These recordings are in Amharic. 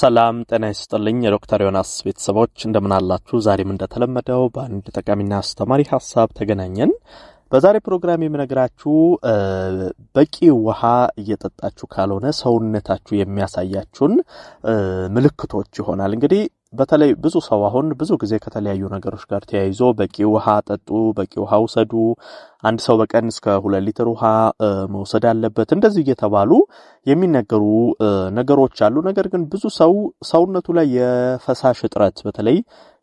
ሰላም ጤና ይስጥልኝ። የዶክተር ዮናስ ቤተሰቦች እንደምን አላችሁ? ዛሬም እንደተለመደው በአንድ ጠቃሚና አስተማሪ ሀሳብ ተገናኘን። በዛሬ ፕሮግራም የምነግራችሁ በቂ ውሃ እየጠጣችሁ ካልሆነ ሰውነታችሁ የሚያሳያችሁን ምልክቶች ይሆናል። እንግዲህ በተለይ ብዙ ሰው አሁን ብዙ ጊዜ ከተለያዩ ነገሮች ጋር ተያይዞ በቂ ውሃ ጠጡ፣ በቂ ውሃ ውሰዱ፣ አንድ ሰው በቀን እስከ ሁለት ሊትር ውሃ መውሰድ አለበት እንደዚህ እየተባሉ የሚነገሩ ነገሮች አሉ። ነገር ግን ብዙ ሰው ሰውነቱ ላይ የፈሳሽ እጥረት በተለይ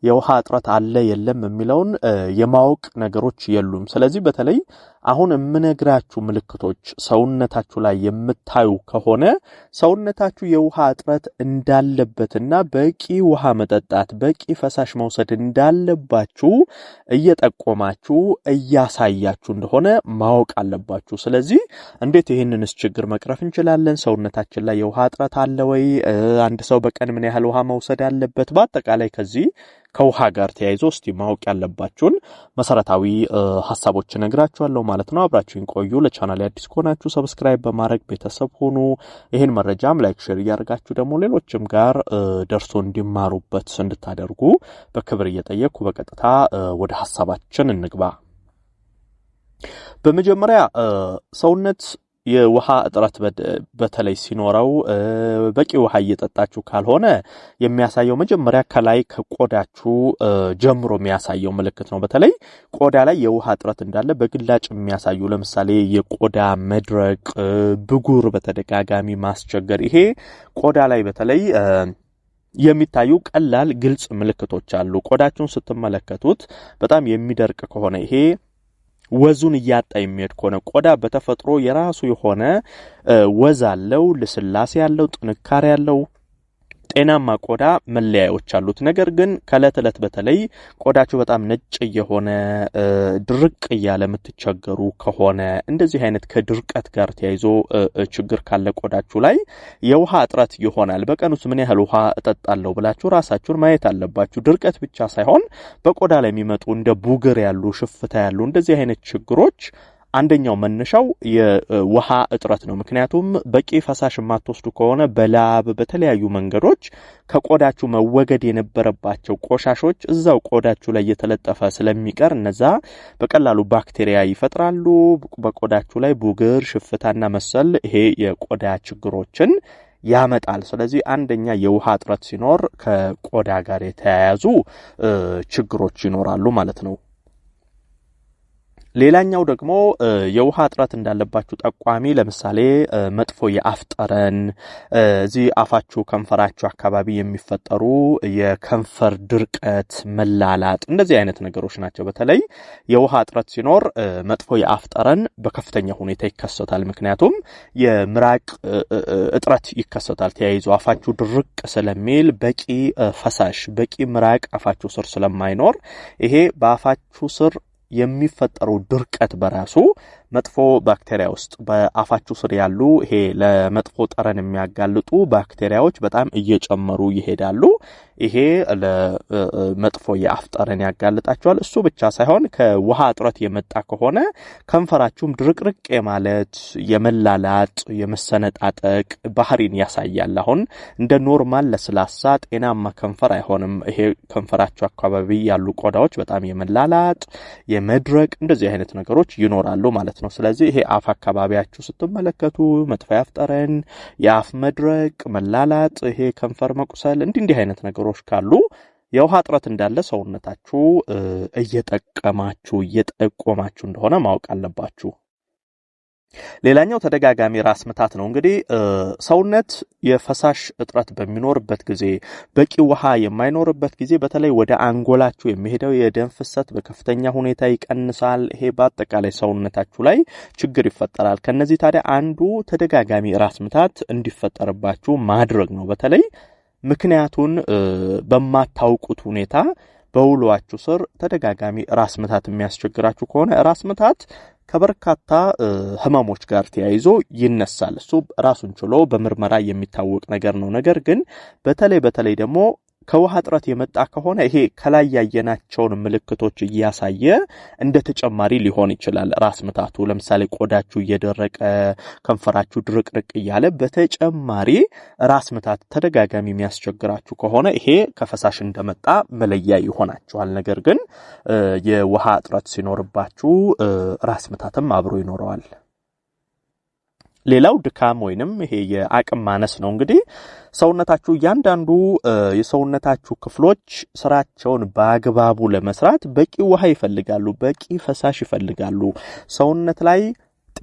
የውሃ እጥረት አለ የለም የሚለውን የማወቅ ነገሮች የሉም። ስለዚህ በተለይ አሁን የምነግራችሁ ምልክቶች ሰውነታችሁ ላይ የምታዩ ከሆነ ሰውነታችሁ የውሃ እጥረት እንዳለበትና በቂ ውሃ መጠጣት፣ በቂ ፈሳሽ መውሰድ እንዳለባችሁ እየጠቆማችሁ እያሳያችሁ እየሰራችሁ እንደሆነ ማወቅ አለባችሁ። ስለዚህ እንዴት ይህንንስ ችግር መቅረፍ እንችላለን? ሰውነታችን ላይ የውሃ እጥረት አለ ወይ? አንድ ሰው በቀን ምን ያህል ውሃ መውሰድ አለበት? በአጠቃላይ ከዚህ ከውሃ ጋር ተያይዞ እስቲ ማወቅ ያለባችሁን መሰረታዊ ሀሳቦች እነግራችኋለሁ ማለት ነው። አብራችሁን ቆዩ። ለቻናል አዲስ ከሆናችሁ ሰብስክራይብ በማድረግ ቤተሰብ ሆኑ። ይህን መረጃም ላይክ፣ ሼር እያደርጋችሁ ደግሞ ሌሎችም ጋር ደርሶ እንዲማሩበት እንድታደርጉ በክብር እየጠየቅኩ በቀጥታ ወደ ሀሳባችን እንግባ። በመጀመሪያ ሰውነት የውሃ እጥረት በተለይ ሲኖረው በቂ ውሃ እየጠጣችሁ ካልሆነ የሚያሳየው መጀመሪያ ከላይ ከቆዳችሁ ጀምሮ የሚያሳየው ምልክት ነው። በተለይ ቆዳ ላይ የውሃ እጥረት እንዳለ በግላጭ የሚያሳዩ ለምሳሌ የቆዳ መድረቅ፣ ብጉር በተደጋጋሚ ማስቸገር፣ ይሄ ቆዳ ላይ በተለይ የሚታዩ ቀላል ግልጽ ምልክቶች አሉ። ቆዳችሁን ስትመለከቱት በጣም የሚደርቅ ከሆነ ይሄ ወዙን እያጣ የሚሄድ ከሆነ ቆዳ በተፈጥሮ የራሱ የሆነ ወዝ አለው፣ ልስላሴ ያለው፣ ጥንካሬ ያለው ጤናማ ቆዳ መለያዎች አሉት። ነገር ግን ከእለት እለት በተለይ ቆዳችሁ በጣም ነጭ እየሆነ ድርቅ እያለ የምትቸገሩ ከሆነ እንደዚህ አይነት ከድርቀት ጋር ተያይዞ ችግር ካለ ቆዳችሁ ላይ የውሃ እጥረት ይሆናል። በቀን ውስጥ ምን ያህል ውሃ እጠጣለሁ ብላችሁ ራሳችሁን ማየት አለባችሁ። ድርቀት ብቻ ሳይሆን በቆዳ ላይ የሚመጡ እንደ ቡግር ያሉ ሽፍታ ያሉ እንደዚህ አይነት ችግሮች አንደኛው መነሻው የውሃ እጥረት ነው። ምክንያቱም በቂ ፈሳሽ የማትወስዱ ከሆነ በላብ በተለያዩ መንገዶች ከቆዳችሁ መወገድ የነበረባቸው ቆሻሾች እዛው ቆዳችሁ ላይ እየተለጠፈ ስለሚቀር እነዛ በቀላሉ ባክቴሪያ ይፈጥራሉ። በቆዳችሁ ላይ ቡግር፣ ሽፍታና መሰል ይሄ የቆዳ ችግሮችን ያመጣል። ስለዚህ አንደኛ የውሃ እጥረት ሲኖር ከቆዳ ጋር የተያያዙ ችግሮች ይኖራሉ ማለት ነው። ሌላኛው ደግሞ የውሃ እጥረት እንዳለባችሁ ጠቋሚ፣ ለምሳሌ መጥፎ የአፍ ጠረን፣ እዚህ አፋችሁ ከንፈራችሁ አካባቢ የሚፈጠሩ የከንፈር ድርቀት፣ መላላጥ፣ እንደዚህ አይነት ነገሮች ናቸው። በተለይ የውሃ እጥረት ሲኖር መጥፎ የአፍ ጠረን በከፍተኛ ሁኔታ ይከሰታል። ምክንያቱም የምራቅ እጥረት ይከሰታል። ተያይዞ አፋችሁ ድርቅ ስለሚል በቂ ፈሳሽ፣ በቂ ምራቅ አፋችሁ ስር ስለማይኖር ይሄ በአፋችሁ ስር የሚፈጠረው ድርቀት በራሱ መጥፎ ባክቴሪያ ውስጥ በአፋችሁ ስር ያሉ ይሄ ለመጥፎ ጠረን የሚያጋልጡ ባክቴሪያዎች በጣም እየጨመሩ ይሄዳሉ። ይሄ ለመጥፎ የአፍ ጠረን ያጋልጣቸዋል። እሱ ብቻ ሳይሆን ከውሃ እጥረት የመጣ ከሆነ ከንፈራችሁም ድርቅርቅ የማለት የመላላጥ፣ የመሰነጣጠቅ ባህሪን ያሳያል። አሁን እንደ ኖርማል ለስላሳ ጤናማ ከንፈር አይሆንም። ይሄ ከንፈራችሁ አካባቢ ያሉ ቆዳዎች በጣም የመላላጥ የመድረቅ እንደዚህ አይነት ነገሮች ይኖራሉ ማለት ነው። ስለዚህ ይሄ አፍ አካባቢያችሁ ስትመለከቱ መጥፋ ያፍጠረን የአፍ መድረቅ፣ መላላጥ፣ ይሄ ከንፈር መቁሰል እንዲህ እንዲህ አይነት ነገሮች ካሉ የውሃ እጥረት እንዳለ ሰውነታችሁ እየጠቀማችሁ እየጠቆማችሁ እንደሆነ ማወቅ አለባችሁ። ሌላኛው ተደጋጋሚ ራስ ምታት ነው። እንግዲህ ሰውነት የፈሳሽ እጥረት በሚኖርበት ጊዜ፣ በቂ ውሃ የማይኖርበት ጊዜ በተለይ ወደ አንጎላችሁ የሚሄደው የደም ፍሰት በከፍተኛ ሁኔታ ይቀንሳል። ይሄ በአጠቃላይ ሰውነታችሁ ላይ ችግር ይፈጠራል። ከነዚህ ታዲያ አንዱ ተደጋጋሚ ራስ ምታት እንዲፈጠርባችሁ ማድረግ ነው። በተለይ ምክንያቱን በማታውቁት ሁኔታ በውሏችሁ ስር ተደጋጋሚ ራስ ምታት የሚያስቸግራችሁ ከሆነ ራስ ምታት ከበርካታ ህመሞች ጋር ተያይዞ ይነሳል። እሱ ራሱን ችሎ በምርመራ የሚታወቅ ነገር ነው። ነገር ግን በተለይ በተለይ ደግሞ ከውሃ እጥረት የመጣ ከሆነ ይሄ ከላይ ያየናቸውን ምልክቶች እያሳየ እንደ ተጨማሪ ሊሆን ይችላል። ራስ ምታቱ ለምሳሌ ቆዳችሁ እየደረቀ ከንፈራችሁ ድርቅርቅ እያለ በተጨማሪ ራስ ምታት ተደጋጋሚ የሚያስቸግራችሁ ከሆነ ይሄ ከፈሳሽ እንደመጣ መለያ ይሆናችኋል። ነገር ግን የውሃ እጥረት ሲኖርባችሁ ራስ ምታትም አብሮ ይኖረዋል። ሌላው ድካም ወይንም ይሄ የአቅም ማነስ ነው። እንግዲህ ሰውነታችሁ እያንዳንዱ የሰውነታችሁ ክፍሎች ስራቸውን በአግባቡ ለመስራት በቂ ውሃ ይፈልጋሉ፣ በቂ ፈሳሽ ይፈልጋሉ። ሰውነት ላይ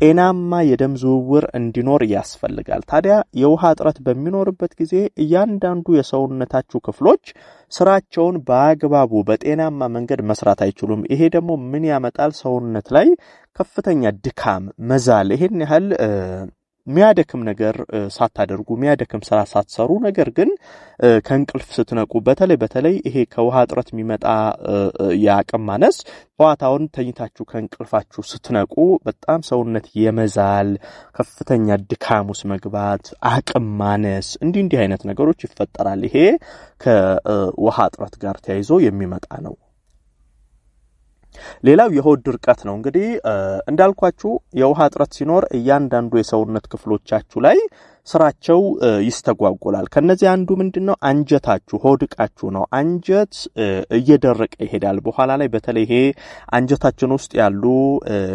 ጤናማ የደም ዝውውር እንዲኖር ያስፈልጋል። ታዲያ የውሃ እጥረት በሚኖርበት ጊዜ እያንዳንዱ የሰውነታችሁ ክፍሎች ስራቸውን በአግባቡ በጤናማ መንገድ መስራት አይችሉም። ይሄ ደግሞ ምን ያመጣል? ሰውነት ላይ ከፍተኛ ድካም፣ መዛል ይሄን ያህል ሚያደክም ነገር ሳታደርጉ ሚያደክም ስራ ሳትሰሩ፣ ነገር ግን ከእንቅልፍ ስትነቁ በተለይ በተለይ ይሄ ከውሃ እጥረት የሚመጣ የአቅም ማነስ ጠዋታውን ተኝታችሁ ከእንቅልፋችሁ ስትነቁ በጣም ሰውነት የመዛል ከፍተኛ ድካም ውስጥ መግባት፣ አቅም ማነስ እንዲህ እንዲህ አይነት ነገሮች ይፈጠራል። ይሄ ከውሃ እጥረት ጋር ተያይዞ የሚመጣ ነው። ሌላው የሆድ ድርቀት ነው። እንግዲህ እንዳልኳችሁ የውሃ እጥረት ሲኖር እያንዳንዱ የሰውነት ክፍሎቻችሁ ላይ ስራቸው ይስተጓጎላል። ከነዚህ አንዱ ምንድን ነው? አንጀታችሁ ሆድቃችሁ ነው። አንጀት እየደረቀ ይሄዳል። በኋላ ላይ በተለይ ይሄ አንጀታችን ውስጥ ያሉ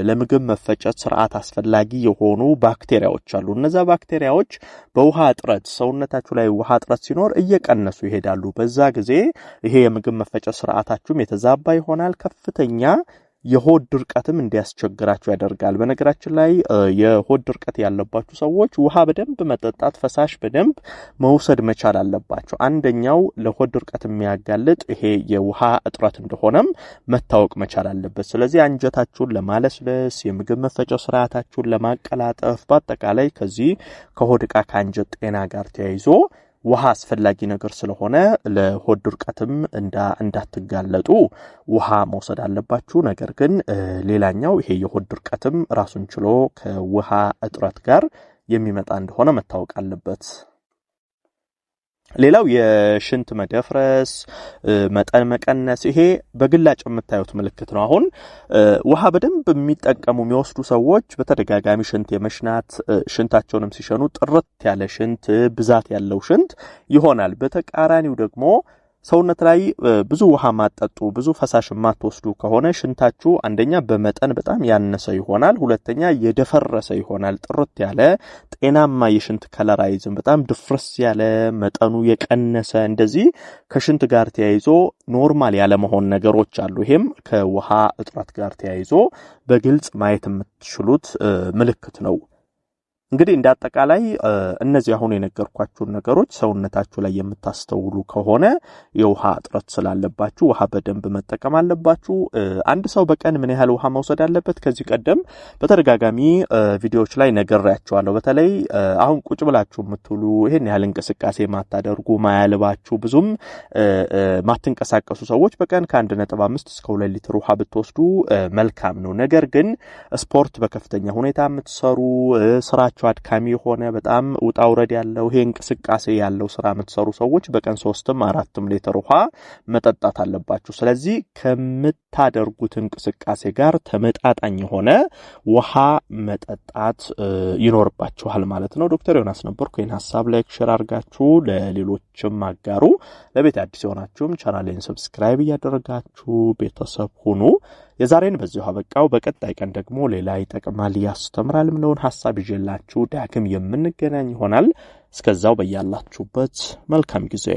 ለምግብ መፈጨት ስርዓት አስፈላጊ የሆኑ ባክቴሪያዎች አሉ። እነዛ ባክቴሪያዎች በውሃ እጥረት ሰውነታችሁ ላይ ውሃ እጥረት ሲኖር እየቀነሱ ይሄዳሉ። በዛ ጊዜ ይሄ የምግብ መፈጨት ስርዓታችሁም የተዛባ ይሆናል። ከፍተኛ የሆድ ድርቀትም እንዲያስቸግራቸው ያደርጋል። በነገራችን ላይ የሆድ ድርቀት ያለባችሁ ሰዎች ውሃ በደንብ መጠጣት፣ ፈሳሽ በደንብ መውሰድ መቻል አለባቸው። አንደኛው ለሆድ ድርቀት የሚያጋልጥ ይሄ የውሃ እጥረት እንደሆነም መታወቅ መቻል አለበት። ስለዚህ አንጀታችሁን ለማለስለስ፣ የምግብ መፈጨው ስርዓታችሁን ለማቀላጠፍ፣ በአጠቃላይ ከዚህ ከሆድ ዕቃ ከአንጀት ጤና ጋር ተያይዞ ውሃ አስፈላጊ ነገር ስለሆነ ለሆድ ድርቀትም እንዳትጋለጡ ውሃ መውሰድ አለባችሁ። ነገር ግን ሌላኛው ይሄ የሆድ ድርቀትም ራሱን ችሎ ከውሃ እጥረት ጋር የሚመጣ እንደሆነ መታወቅ አለበት። ሌላው የሽንት መደፍረስ፣ መጠን መቀነስ፣ ይሄ በግላጭ የምታዩት ምልክት ነው። አሁን ውሃ በደንብ የሚጠቀሙ የሚወስዱ ሰዎች በተደጋጋሚ ሽንት የመሽናት ሽንታቸውንም ሲሸኑ ጥርት ያለ ሽንት፣ ብዛት ያለው ሽንት ይሆናል። በተቃራኒው ደግሞ ሰውነት ላይ ብዙ ውሃ ማጠጡ ብዙ ፈሳሽ ማትወስዱ ከሆነ ሽንታችሁ አንደኛ በመጠን በጣም ያነሰ ይሆናል። ሁለተኛ የደፈረሰ ይሆናል። ጥርት ያለ ጤናማ የሽንት ከለር አይዝም። በጣም ድፍርስ ያለ መጠኑ የቀነሰ እንደዚህ ከሽንት ጋር ተያይዞ ኖርማል ያለመሆን ነገሮች አሉ። ይሄም ከውሃ እጥረት ጋር ተያይዞ በግልጽ ማየት የምትችሉት ምልክት ነው። እንግዲህ እንደ አጠቃላይ እነዚህ አሁን የነገርኳችሁን ነገሮች ሰውነታችሁ ላይ የምታስተውሉ ከሆነ የውሃ እጥረት ስላለባችሁ ውሃ በደንብ መጠቀም አለባችሁ። አንድ ሰው በቀን ምን ያህል ውሃ መውሰድ አለበት? ከዚህ ቀደም በተደጋጋሚ ቪዲዮዎች ላይ ነግሬያችኋለሁ። በተለይ አሁን ቁጭ ብላችሁ የምትውሉ ይህን ያህል እንቅስቃሴ ማታደርጉ፣ ማያልባችሁ፣ ብዙም ማትንቀሳቀሱ ሰዎች በቀን ከአንድ ነጥብ አምስት እስከ ሁለት ሊትር ውሃ ብትወስዱ መልካም ነው። ነገር ግን ስፖርት በከፍተኛ ሁኔታ የምትሰሩ ስራ ስራችሁ አድካሚ የሆነ በጣም ውጣ ውረድ ያለው ይሄ እንቅስቃሴ ያለው ስራ የምትሰሩ ሰዎች በቀን ሶስትም አራትም ሊትር ውሃ መጠጣት አለባችሁ። ስለዚህ ከምታደርጉት እንቅስቃሴ ጋር ተመጣጣኝ የሆነ ውሃ መጠጣት ይኖርባችኋል ማለት ነው። ዶክተር ዮናስ ነበርኩ። ይህን ሀሳብ ላይክ፣ ሼር አድርጋችሁ ለሌሎችም አጋሩ። ለቤት አዲስ የሆናችሁም ቻናሌን ሰብስክራይብ እያደረጋችሁ ቤተሰብ ሁኑ። የዛሬን በዚሁ አበቃው። በቀጣይ ቀን ደግሞ ሌላ ይጠቅማል ያስተምራል ምለውን ሀሳብ ይዤላችሁ ዳግም የምንገናኝ ይሆናል። እስከዛው በያላችሁበት መልካም ጊዜ